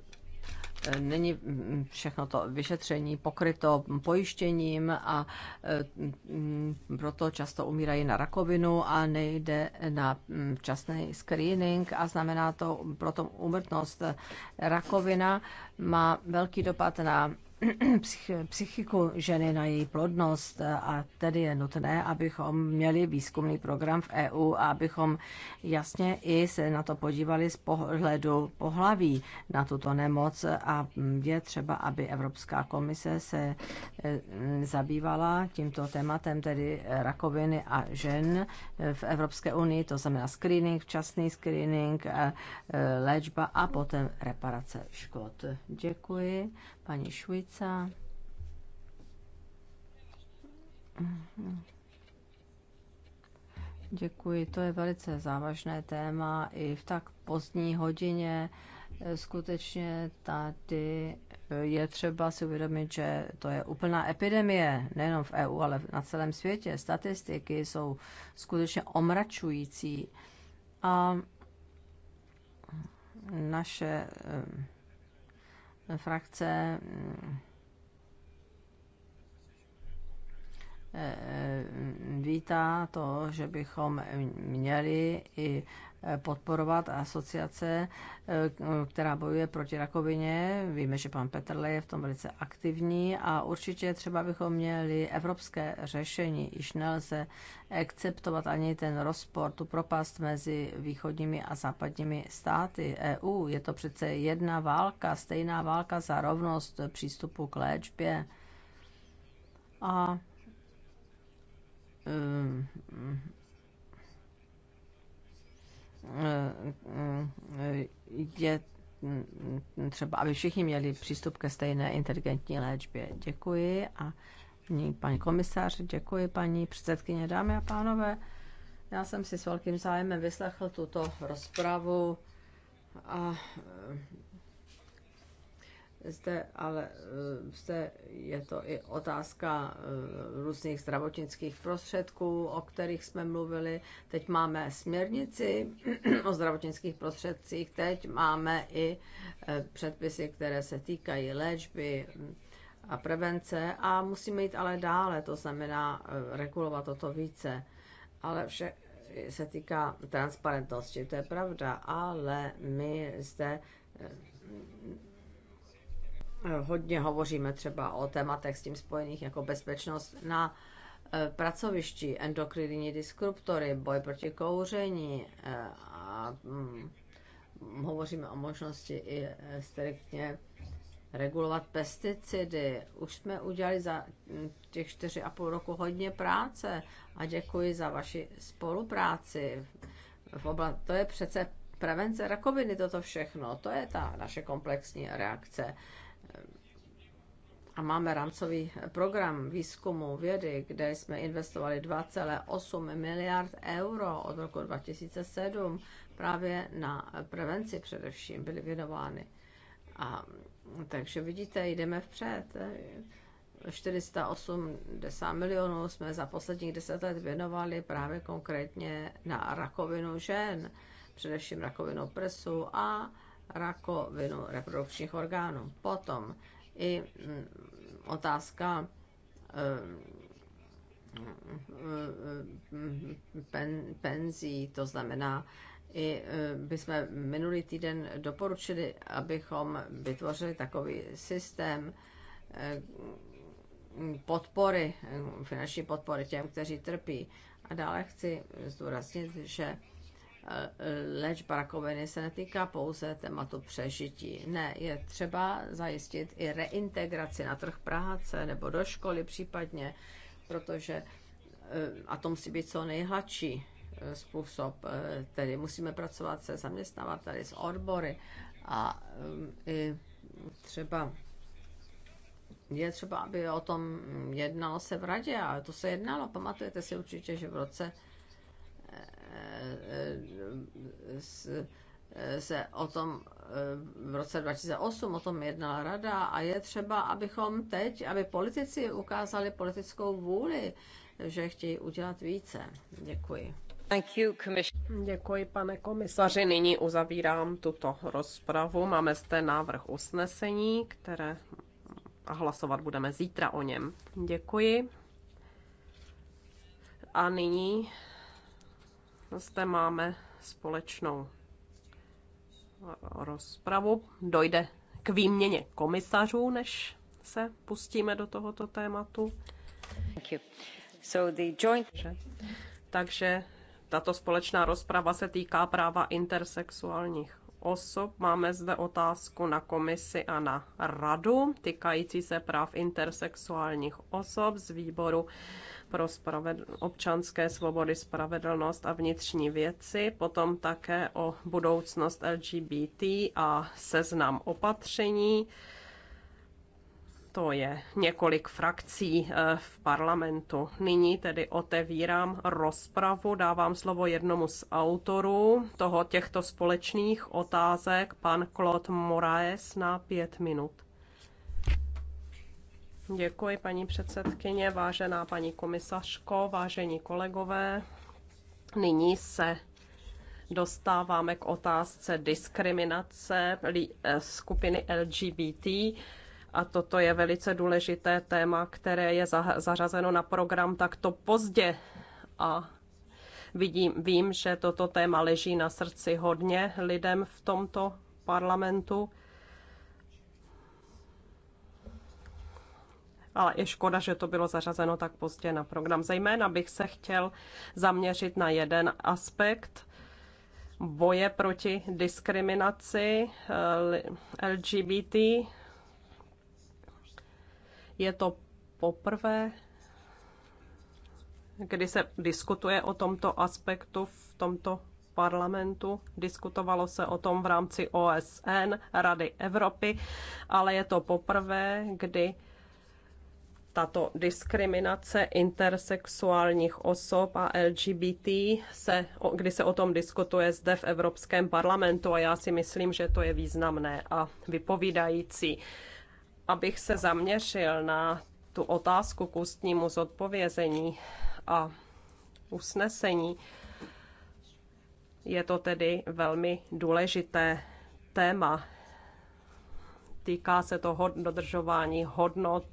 není všechno to vyšetření pokryto pojištěním a mm, proto často umírají na rakovinu a nejde na včasný mm, screening a znamená to proto umrtnost. Rakovina má velký dopad na psychiku ženy, na její plodnost a tedy je nutné, abychom měli výzkumný program v EU a abychom jasně i se na to podívali z pohledu pohlaví na tuto nemoc a je třeba, aby Evropská komise se eh, zabývala tímto tématem, tedy rakoviny a žen v Evropské unii, to znamená screening, včasný screening, eh, eh, léčba a potom reparace škod. Děkuji paní Švica. Děkuji, to je velice závažné téma. I v tak pozdní hodině eh, skutečně tady eh, je třeba si uvědomit, že to je úplná epidemie, nejenom v EU, ale na celém světě. Statistiky jsou skutečně omračující a naše eh, frakce mm, e, e, vítá to, že bychom měli i Eh, podporovat asociace, eh, která bojuje proti rakovině. Víme, že pan Petrle je v tom velice aktivní a určitě třeba bychom měli evropské řešení. Již nelze akceptovat ani ten rozpor, tu propast mezi východními a západními státy EU. Je to přece jedna válka, stejná válka za rovnost přístupu k léčbě. A um, je třeba, aby všichni měli přístup ke stejné inteligentní léčbě. Děkuji a paní komisař, děkuji paní předsedkyně, dámy a pánové. Já jsem si s velkým zájmem vyslechl tuto rozpravu a Jste, ale jste, eh, je to i otázka eh, různých zdravotnických prostředků, o kterých jsme mluvili. Teď máme směrnici o zdravotnických prostředcích, teď máme i eh, předpisy, které se týkají léčby mm, a prevence a musíme jít ale dále, to znamená regulovat toto více. Ale vše se týká transparentnosti, to je pravda, ale my zde hodně hovoříme třeba o tématech s tím spojených jako bezpečnost na e, pracovišti, endokrinní diskruptory, boj proti kouření e, a mm, hovoříme o možnosti i e, striktně regulovat pesticidy. Už jsme udělali za těch čtyři a půl roku hodně práce a děkuji za vaši spolupráci. V obla... To je přece prevence rakoviny, toto všechno. To je ta naše komplexní reakce a máme rámcový program výzkumu vědy, kde jsme investovali 2,8 miliard euro od roku 2007 právě na prevenci především byly věnovány. A, takže vidíte, jdeme vpřed. 480 milionů jsme za posledních 10 let věnovali právě konkrétně na rakovinu žen, především rakovinu prsu a rakovinu reprodukčních orgánů. Potom i mm, otázka eh, mm, eh, mm, pen, penzí, to znamená, i eh, bychom minulý týden doporučili, abychom vytvořili takový systém podpory, finanční podpory těm, kteří trpí. A dále chci zdůraznit, že E, léčba rakoviny se netýká pouze tématu přežití. Ne, je třeba zajistit i reintegraci na trh práce nebo do školy případně, protože e, a to musí být co nejhladší e, způsob, tedy musíme pracovat se zaměstnavateli, s odbory a i třeba je třeba, aby o tom jednalo se v radě, ale to se jednalo. Pamatujete si určitě, že v roce se o tom eh, v roce 2008 o tom jednala rada a je třeba, abychom teď, aby politici ukázali politickou vůli, že chtějí udělat více. Děkuji. You, Děkuji, pane komisaři. Nyní uzavírám tuto rozpravu. Máme zde návrh usnesení, které a hlasovat budeme zítra o něm. Děkuji. A nyní zde máme společnou rozpravu. Dojde k výměně komisařů, než se pustíme do tohoto tématu. So the joint... Takže tato společná rozprava se týká práva intersexuálních osob. Máme zde otázku na komisi a na radu týkající se práv intersexuálních osob z výboru pro spravedl- občanské svobody, spravedlnost a vnitřní věci, potom také o budoucnost LGBT a seznam opatření. To je několik frakcí eh, v parlamentu. Nyní tedy otevírám rozpravu, dávám slovo jednomu z autorů toho těchto společných otázek, pan Claude Moraes na pět minut. Děkuji, paní předsedkyně, vážená paní komisařko, vážení kolegové. Nyní se dostáváme k otázce diskriminace eh, skupiny LGBT. A toto je velice důležité téma, které je zařazeno na program takto pozdě. A vidím, vím, že toto téma leží na srdci hodně lidem v tomto parlamentu. ale je škoda, že to bylo zařazeno tak pozdě na program. Zejména bych se chtěl zaměřit na jeden aspekt boje proti diskriminaci eh, LGBT. Je to poprvé, kdy se diskutuje o tomto aspektu v tomto parlamentu, diskutovalo se o tom v rámci OSN, Rady Evropy, ale je to poprvé, kdy tato diskriminace intersexuálních osob a LGBT, se, kdy se o tom diskutuje zde v Evropském parlamentu a já si myslím, že to je významné a vypovídající. Abych se zaměřil na tu otázku k ústnímu zodpovězení a usnesení, je to tedy velmi důležité téma. Týká se to dodržování hodnot,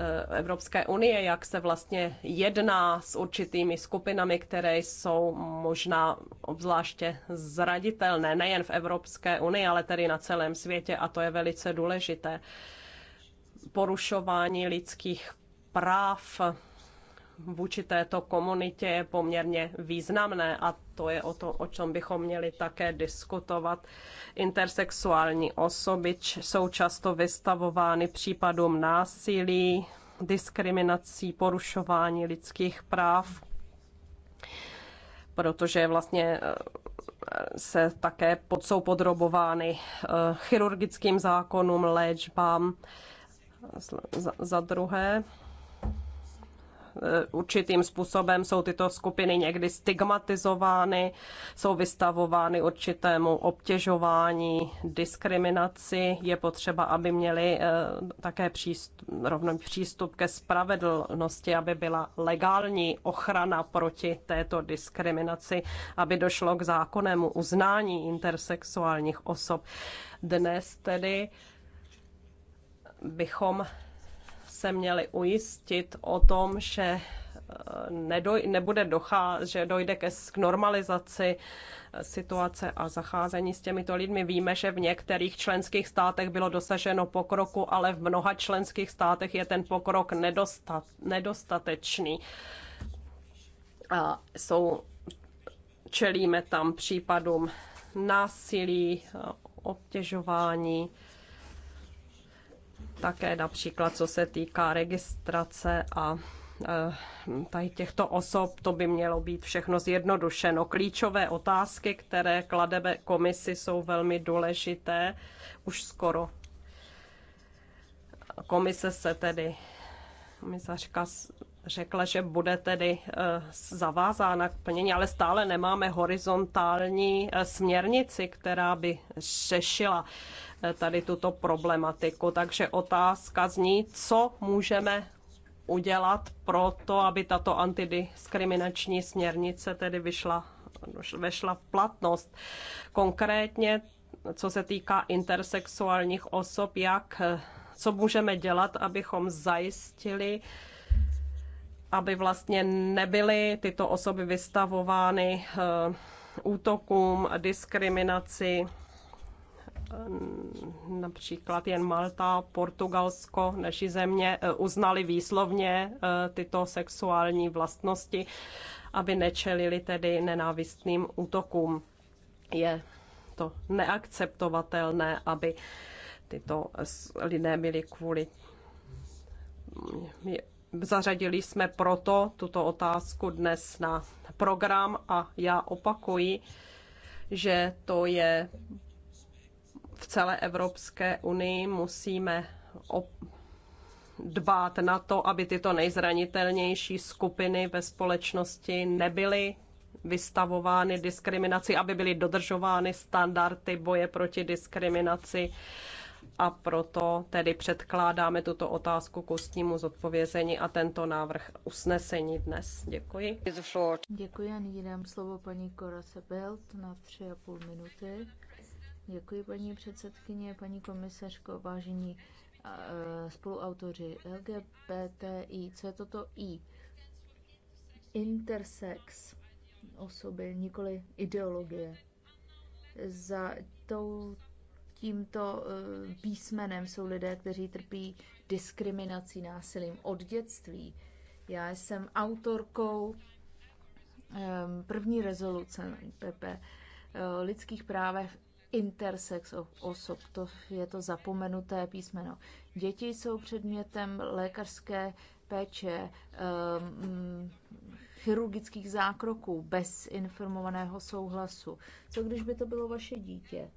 Eh, Evropské unie, jak se vlastně jedná s určitými skupinami, které jsou možná obzvláště zraditelné, nejen v Evropské unii, ale tedy na celém světě a to je velice důležité. Porušování lidských práv, vůči této komunitě je poměrně významné a to je o tom, o čem bychom měli také diskutovat. Intersexuální osoby jsou často vystavovány případům násilí, diskriminací, porušování lidských práv, protože vlastně eh, se také pod, jsou podrobovány eh, chirurgickým zákonům, léčbám. Za, za druhé, určitým způsobem jsou tyto skupiny někdy stigmatizovány, jsou vystavovány určitému obtěžování, diskriminaci. Je potřeba, aby měli eh, také přístup, rovný přístup ke spravedlnosti, aby byla legální ochrana proti této diskriminaci, aby došlo k zákonnému uznání intersexuálních osob. Dnes tedy bychom se měli ujistit o tom, že eh, nedoj, nebude docházet, že dojde ke k normalizaci eh, situace a zacházení s těmito lidmi. Víme, že v některých členských státech bylo dosaženo pokroku, ale v mnoha členských státech je ten pokrok nedostat, nedostatečný. A jsou, čelíme tam případům násilí, eh, obtěžování také například co se týká registrace a eh, tady těchto osob, to by mělo být všechno zjednodušeno. Klíčové otázky, které klademe komisi, jsou velmi důležité už skoro. Komise se tedy, komisařka řekla, že bude tedy eh, zavázána k plnění, ale stále nemáme horizontální eh, směrnici, která by řešila Eh, tady tuto problematiku. Takže otázka zní, co můžeme udělat pro to, aby tato antidiskriminační směrnice tedy vyšla, vešla v platnost. Konkrétně, co se týká intersexuálních osob, jak, eh, co můžeme dělat, abychom zajistili, aby vlastně nebyly tyto osoby vystavovány eh, útokům, diskriminaci, Ehm, například jen Malta, Portugalsko, naši země eh, uznali výslovně eh, tyto sexuální vlastnosti, aby nečelili tedy nenávistným útokům. Je to neakceptovatelné, aby tyto lidé byli kvůli Zařadili jsme proto tuto otázku dnes na program a já opakuji, že to je v celé Evropské unii musíme dbát na to, aby tyto nejzranitelnější skupiny ve společnosti nebyly vystavovány diskriminaci, aby byly dodržovány standardy boje proti diskriminaci. A proto tedy předkládáme tuto otázku k ústnímu zodpovězení a tento návrh usnesení dnes. Děkuji. Děkuji a nyní dám slovo paní Kora Sebelt na tři a půl minuty. Děkuji, paní předsedkyně, paní komisařko, vážení e, spoluautoři LGBTI, co je toto I? Intersex osoby, nikoli ideologie. Za tou, tímto e, písmenem jsou lidé, kteří trpí diskriminací, násilím od dětství. Já jsem autorkou e, první rezoluce PP o lidských právech intersex osob, to je to zapomenuté písmeno. Děti jsou předmětem lékařské péče, um, chirurgických zákroků bez informovaného souhlasu. Co když by to bylo vaše dítě?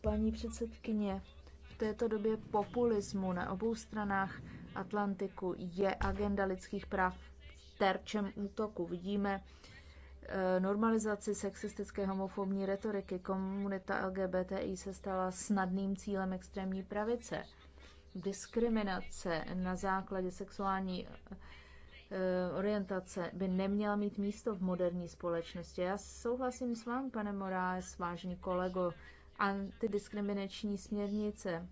Paní předsedkyně, v této době populismu na obou stranách Atlantiku je agenda lidských práv terčem útoku. Vidíme Eh, normalizaci sexistické homofobní retoriky komunita LGBTI se stala snadným cílem extrémní pravice. Diskriminace na základě sexuální eh, orientace by neměla mít místo v moderní společnosti. Já souhlasím s vámi, pane Moráes, vážný kolego, antidiskriminační směrnice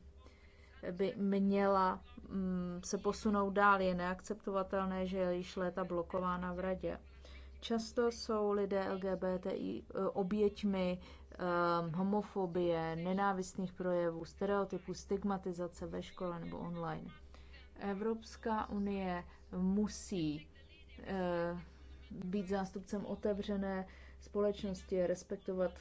by měla mm, se posunout dál. Je neakceptovatelné, že je již léta blokována v radě. Často jsou lidé LGBTI eh, oběťmi um, homofobie, nenávistných projevů, stereotypů, stigmatizace ve škole nebo online. Evropská unie musí uh, být zástupcem otevřené společnosti, respektovat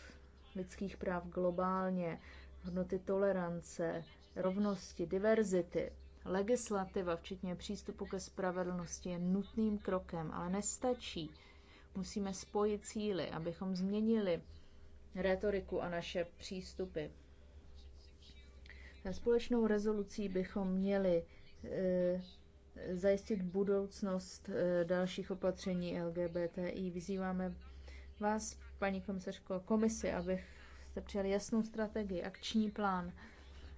lidských práv globálně, hodnoty tolerance, rovnosti, diverzity. Legislativa, včetně přístupu ke spravedlnosti, je nutným krokem, ale nestačí Musíme spojit cíly, abychom změnili retoriku a naše přístupy. Na společnou rezolucí bychom měli e, zajistit budoucnost e, dalších opatření LGBTI. Vyzýváme vás, paní komisařko, a komisi, abyste přijali jasnou strategii, akční plán,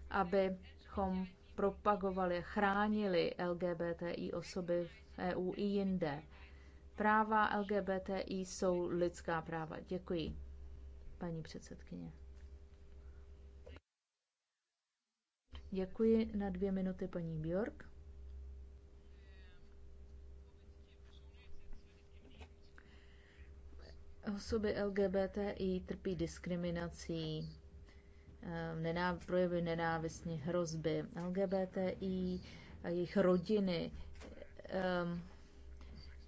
abychom propagovali a chránili LGBTI osoby v EU i jinde. Práva LGBTI jsou lidská práva. Děkuji, paní předsedkyně. Děkuji na dvě minuty paní Bjork. Osoby LGBTI trpí diskriminací, eh, nená, projevy nenávistní hrozby. LGBTI a jejich rodiny um,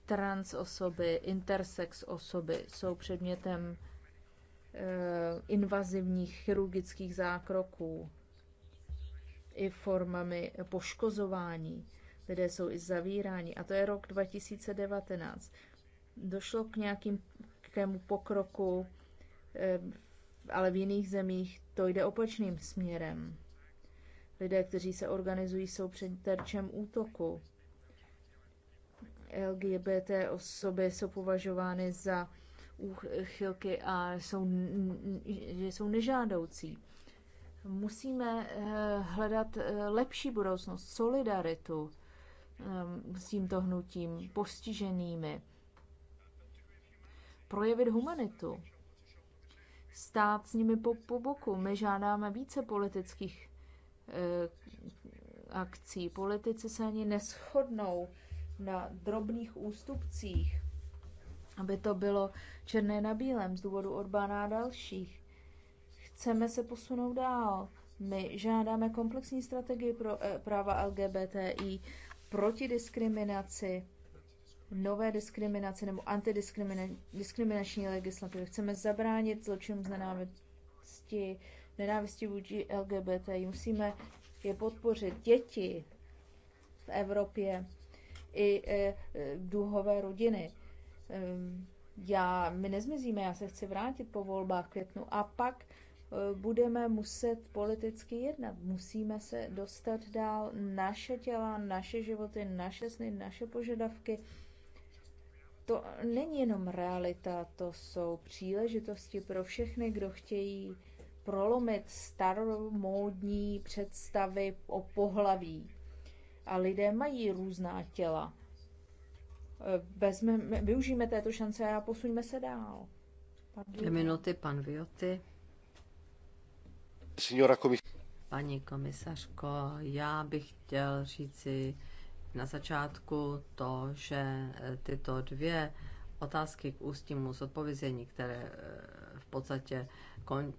trans osoby, intersex osoby jsou předmětem eh, invazivních chirurgických zákroků i formami poškozování. Lidé jsou i zavíráni. A to je rok 2019. Došlo k nějakému pokroku, eh, ale v jiných zemích to jde opačným směrem. Lidé, kteří se organizují, jsou před terčem útoku LGBT osoby jsou považovány za úchylky a jsou, jsou nežádoucí. Musíme eh, hledat eh, lepší budoucnost, solidaritu eh, s tímto hnutím, postiženými, projevit humanitu, stát s nimi po, po boku. My žádáme více politických akcí. Politici se ani neschodnou na drobných ústupcích, aby to bylo černé na bílém z důvodu Orbána a dalších. Chceme se posunout dál. My žádáme komplexní strategii pro eh, práva LGBTI proti diskriminaci, nové diskriminaci nebo antidiskriminační legislativy. Chceme zabránit zločinům z nenávisti, nenávisti vůči LGBTI. Musíme je podpořit. Děti v Evropě i e, duhové rodiny. Ehm, já, my nezmizíme, já se chci vrátit po volbách květnu a pak e, budeme muset politicky jednat. Musíme se dostat dál. Naše těla, naše životy, naše sny, naše požadavky. To není jenom realita, to jsou příležitosti pro všechny, kdo chtějí prolomit staromódní představy o pohlaví a lidé mají různá těla. E, vezmeme, využijeme této šance a posuňme se dál. Dvě minuty, pan Vioty. Paní komisařko, já bych chtěl říci na začátku to, že e, tyto dvě otázky k ústnímu zodpovězení, které e, v podstatě kon,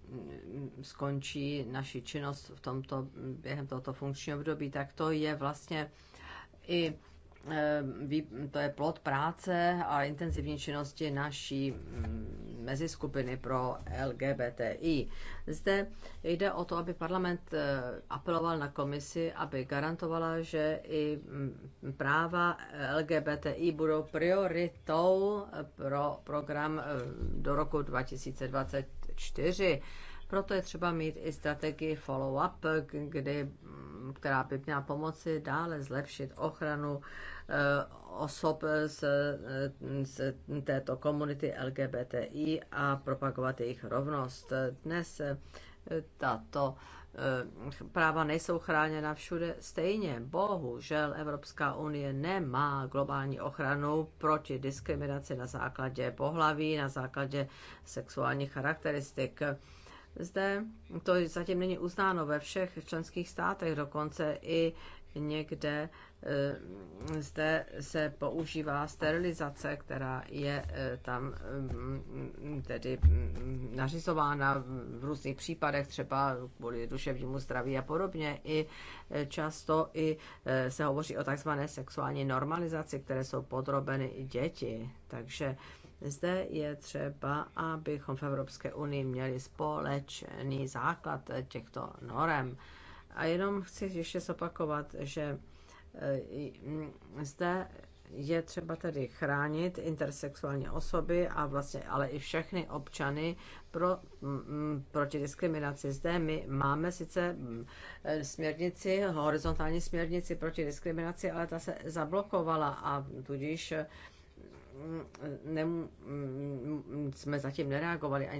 skončí naši činnost v tomto, během tohoto funkčního období, tak to je vlastně i e, to je plod práce a intenzivní činnosti naší mm, meziskupiny pro LGBTI. Zde jde o to, aby parlament e, apeloval na komisi, aby garantovala, že i mm, práva LGBTI budou prioritou pro program e, do roku 2020 4. Proto je třeba mít i strategii follow-up, kdy, která by měla pomoci dále zlepšit ochranu eh, osob z, z této komunity LGBTI a propagovat jejich rovnost. Dnes eh, tato Eh, práva nejsou chráněna všude stejně. Bohužel Evropská unie nemá globální ochranu proti diskriminaci na základě pohlaví, na základě sexuálních charakteristik. Zde to zatím není uznáno ve všech členských státech, dokonce i někde eh, zde se používá sterilizace, která je eh, tam mm, tedy mm, nařizována v různých případech, třeba kvůli duševnímu zdraví a podobně. I eh, často i se hovoří o takzvané sexuální normalizaci, které jsou podrobeny i děti. Takže zde je třeba, abychom v Evropské unii měli společný základ těchto norem a jenom chci ještě zopakovat, že e, zde je třeba tedy chránit intersexuální osoby a vlastně ale i všechny občany pro, m, proti diskriminaci. Zde my máme sice směrnici, horizontální směrnici proti diskriminaci, ale ta se zablokovala a tudíž nem, jsme zatím nereagovali ani